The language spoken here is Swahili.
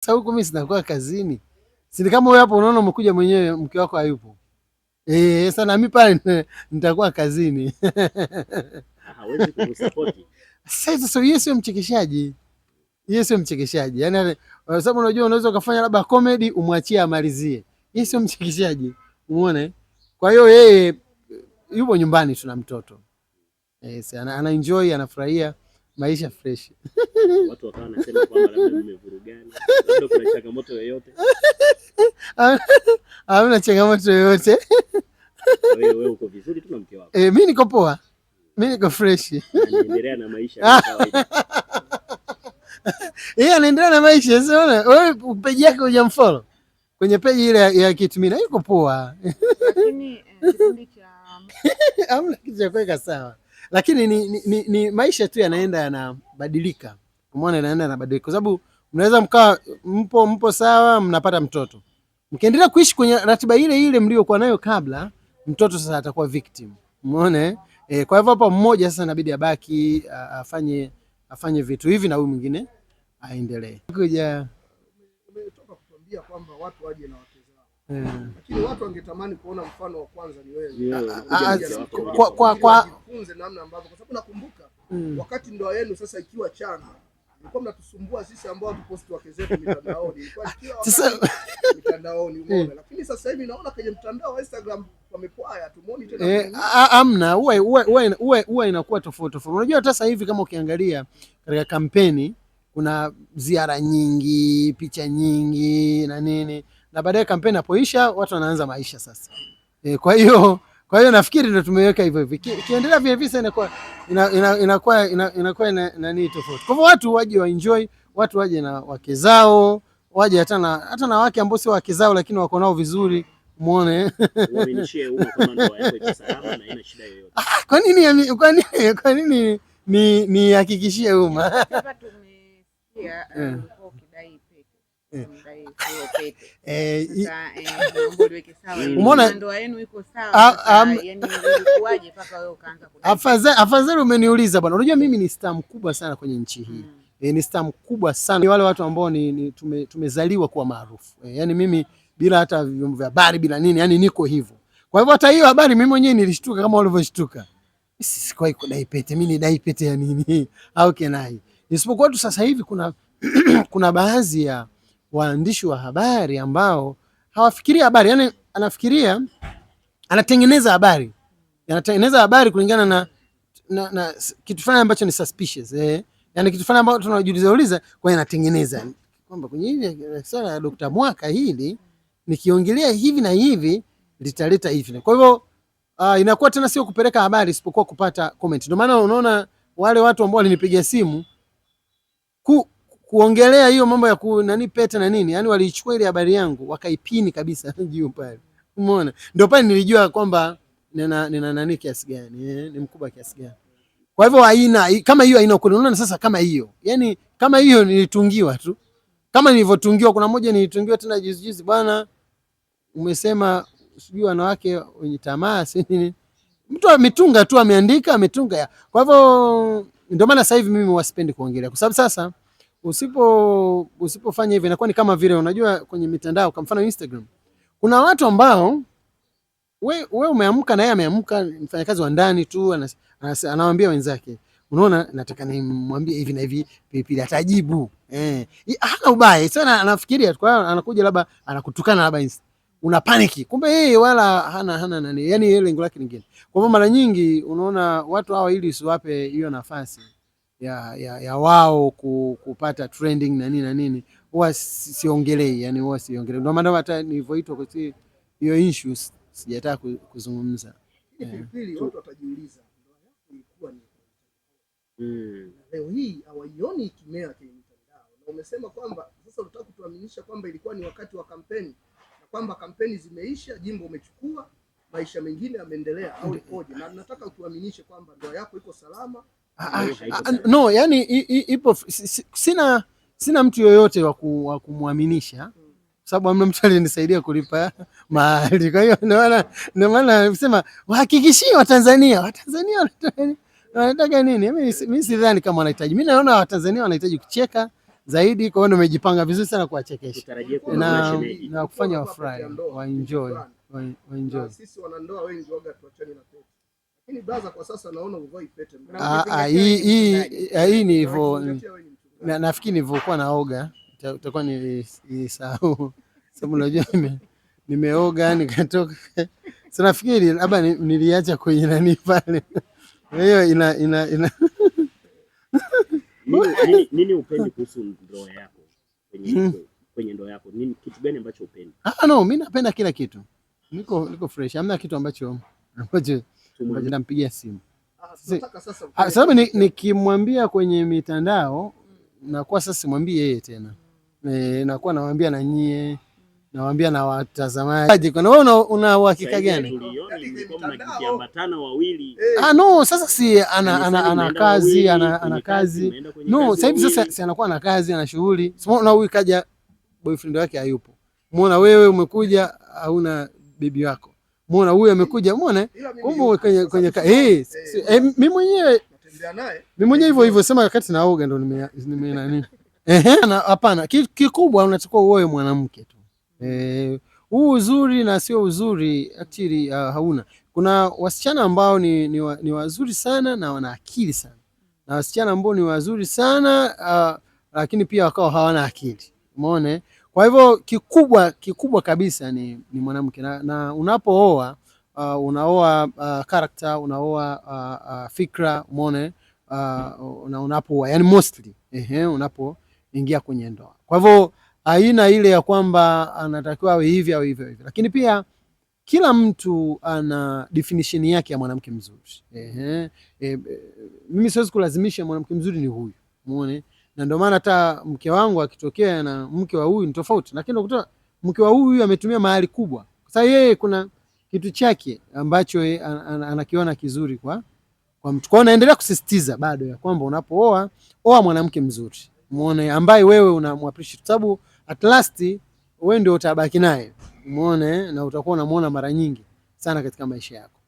Sasa huku mimi sinakuwa kazini. Si kama wewe hapo unaona umekuja mwenyewe mke wako hayupo. Eh, sasa na mimi pale nitakuwa kazini. Hawezi kukusupport. Sasa yeye sio mchekeshaji. Yeye sio mchekeshaji. Yaani sababu unajua unaweza ukafanya labda comedy umwachie amalizie. Yeye sio mchekeshaji. Umeona? Kwa hiyo yeye yupo nyumbani tuna mtoto. Eh, ana enjoy anafurahia maisha fresh. Watu wakawa wanasema kwamba labda nimevurugana, labda kuna changamoto yoyote. Hamna changamoto yoyote. Wewe uko vizuri tu na mke wako? Eh, mimi niko poa. Mimi niko fresh. Naendelea na maisha ya kawaida. Yeye anaendelea na maisha, unaona? Wewe peji yake hujamfollow. Kwenye peji ile ya kitu mimi na yuko poa. Lakini eh, kipindi cha hamna kitu cha kuweka sawa lakini ni, ni, ni, ni maisha tu yanaenda yanabadilika, umeona, yanaenda yanabadilika, kwa sababu mnaweza mkawa mpo mpo sawa, mnapata mtoto, mkiendelea kuishi kwenye ratiba ile ile mliokuwa nayo kabla, mtoto sasa atakuwa victim, umeona e. Kwa hivyo hapa mmoja sasa inabidi abaki afanye afanye vitu hivi na huyu mwingine aendelee kuja kwamba watu waje na wake zao, eh. lakini watu wangetamani kuona mfano wa kwanza ni wewe yeah. Ah, ah, kwa, kwa kwa tujifunze namna ambavyo, kwa sababu nakumbuka mm. wakati ndoa yenu sasa ikiwa changa ilikuwa mnatusumbua sisi ambao tuposti wake zetu mitandaoni, ilikuwa ah, ikiwa sasa mitandaoni, umeona. mm. Lakini sasa hivi naona kwenye mtandao wa Instagram wamepwaya, tumuoni tena eh, amna. huwa inakuwa tofauti tofauti. Unajua hata sasa hivi kama ukiangalia katika kampeni kuna ziara nyingi, picha nyingi na nini, na baadaye kampeni inapoisha watu wanaanza maisha sasa. E, kwa hiyo kwa hiyo nafikiri ndio tumeweka hivyo hivi, ikiendelea vile visa inakuwa inakuwa inakuwa ina tofauti. Kwa hivyo watu waje wa enjoy, watu waje na wake zao, waje hata na hata na wake ambao sio wake zao, lakini wako nao vizuri muone. Ah, kwa nini kwa nini kwa nini ni nihakikishie umma Afadhali umeniuliza bwana. Unajua mimi ni star mkubwa sana kwenye nchi hii mm. E, ni star mkubwa sana. Ni wale watu ambao ni, ni tume, tumezaliwa kuwa maarufu e, yani mimi bila hata vyombo vya habari bila nini, yani niko hivyo. Kwa hivyo hata hiyo habari mimi mwenyewe nilishtuka kama walivyoshtuka. Sikuwahi kudai pete, mimi nidai pete ya nini? au kenai, isipokuwa tu sasa hivi kuna kuna baadhi ya waandishi wa habari ambao hawafikiria habari, yani anafikiria anatengeneza habari, anatengeneza habari kulingana na, na, na kitu fulani ambacho ni suspicious eh, yani kitu fulani ambacho tunajiuliza uliza, kwa hiyo anatengeneza kwamba kwenye hivi sala ya Dr. Mwaka hili nikiongelea hivi na hivi litaleta hivi. Kwa hivyo uh, inakuwa tena sio kupeleka habari isipokuwa kupata comment. Ndio maana unaona wale watu ambao walinipigia simu ku kuongelea hiyo mambo ya ku, nani pete na nini, yani waliichukua ile habari yangu wakaipini kabisa juu pale, umeona? Ndio pale nilijua kwamba nina nina nani kiasi gani eh, ni mkubwa kiasi gani. Kwa hivyo haina kama hiyo haina ukweli. Unaona sasa, kama hiyo yani, kama hiyo nilitungiwa tu, kama nilivyotungiwa. Kuna moja nilitungiwa tena juzi juzi, bwana, umesema sijui wanawake wenye tamaa si nini, mtu ametunga tu, ameandika ametunga. Kwa hivyo ndio maana sasa hivi mimi wasipendi kuongelea kwa sababu sasa usipo usipofanya hivyo inakuwa ni kama vile unajua, kwenye mitandao kwa mfano Instagram, kuna watu ambao we, we umeamka na yeye ameamka, mfanyakazi wa ndani tu anawaambia wenzake, unaona, nataka nimwambie hivi na hivi, pilipili atajibu eh, hana ubaya sana, anafikiria kwa hiyo anakuja labda anakutukana labda insta una panic, kumbe yeye wala hana hana nani, yani yeye lengo lake lingine. Kwa hivyo mara nyingi unaona watu hawa, ili usiwape hiyo nafasi ya, ya, ya wao kupata trending na nini na nini huwa siongelei, yani huwa siongelei. Ndio maana hata nilivyoitwa kwa hiyo issue sijataka kuzungumza. Eh. Pilipili watu watajiuliza ndoa yako ilikuwa ni hmm. Leo hii hawaioni ikimea kwenye mtandao, na umesema kwamba sasa unataka kutuaminisha kwamba ilikuwa ni wakati wa kampeni na kwamba kampeni zimeisha, jimbo umechukua, maisha mengine yameendelea au ikoje? Na nataka utuaminishe kwamba ndoa yako iko salama no yani ipo sina sina mtu yoyote wa kumwaminisha sababu amna mtu alinisaidia kulipa mahali. Kwa hiyo ndio maana nimesema wahakikishie Watanzania, Watanzania wanataka nini? Mimi sidhani kama wanahitaji, mimi naona Watanzania wanahitaji kucheka zaidi. Kwa hiyo nimejipanga vizuri sana kuwachekesha na, na kufanya wafurahi, waenjoy waenjoy. Sisi wanandoa wengi waga tuachane na pesa Brother, kwa sasa naona uvai pete. Ah, ah, hii ni hivyo, mm, nafikiri nilivyokuwa naoga utakuwa nilisahau, sababu unajua nimeoga nikatoka, so nafikiri labda niliacha kwenye nani pale. Kwa hiyo ina ina ina nini upendi kuhusu ndoa yako? Hmm. Kwenye ndoa yako nini, kitu gani ambacho upendi? Ah, no, mimi napenda kila kitu, niko niko fresh, hamna kitu ambacho ambacho Mkaja nampigia simu ah, ah, sababu nikimwambia ni kwenye mitandao mm. nakuwa sasa simwambii yeye tena e, nakuwa nawambia na nyie nawambia na watazamaji. Kuna wewe una uhakika gani? Yaani yaani eh. Ah, no, sasa si ana, yaani ana, ana kazi ana, ana kazi no, sasa hivi sasa si anakuwa na kazi ana shughuli. Unaona huyu kaja boyfriend wake hayupo, muona wewe umekuja hauna bibi wako Muona huyu amekuja, muona kumbe kwenye kwenye eh, mimi eh, mwenyewe natembea naye mimi mwenyewe hivyo hivyo, sema wakati naoga ndo nime nime nani ehe, hapana. Kikubwa unachukua uoe mwanamke tu eh, huu uzuri na sio uzuri actually uh, hauna. Kuna wasichana ambao ni, ni, wa, ni wazuri sana na wana akili sana na wasichana ambao ni wazuri sana uh, lakini pia wakao hawana akili, umeona kwa hivyo kikubwa kikubwa kabisa ni, ni mwanamke na, na unapooa uh, unaoa uh, unaoa uh, uh, fikra mone uh, na unapooa yani mostly ehe, unapoingia kwenye ndoa. Kwa hivyo aina ile ya kwamba anatakiwa awe hivi au hivyo hivyo, lakini pia kila mtu ana definition yake ya mwanamke mzuri ehe. E, e, mimi siwezi kulazimisha mwanamke mzuri ni huyu, muone na ndio maana hata mke wangu akitokea na mke wa huyu ni tofauti, lakini ukuta mke wa huyu ametumia mahali kubwa. Sasa yeye kuna kitu chake ambacho ye, an, an, anakiona kizuri kwa kwa mtu. Kwa hiyo naendelea kusisitiza bado ya kwamba unapooa oa mwanamke mzuri, muone ambaye wewe unamappreciate, sababu at last wewe ndio utabaki naye, muone na utakuwa unamuona mara nyingi sana katika maisha yako.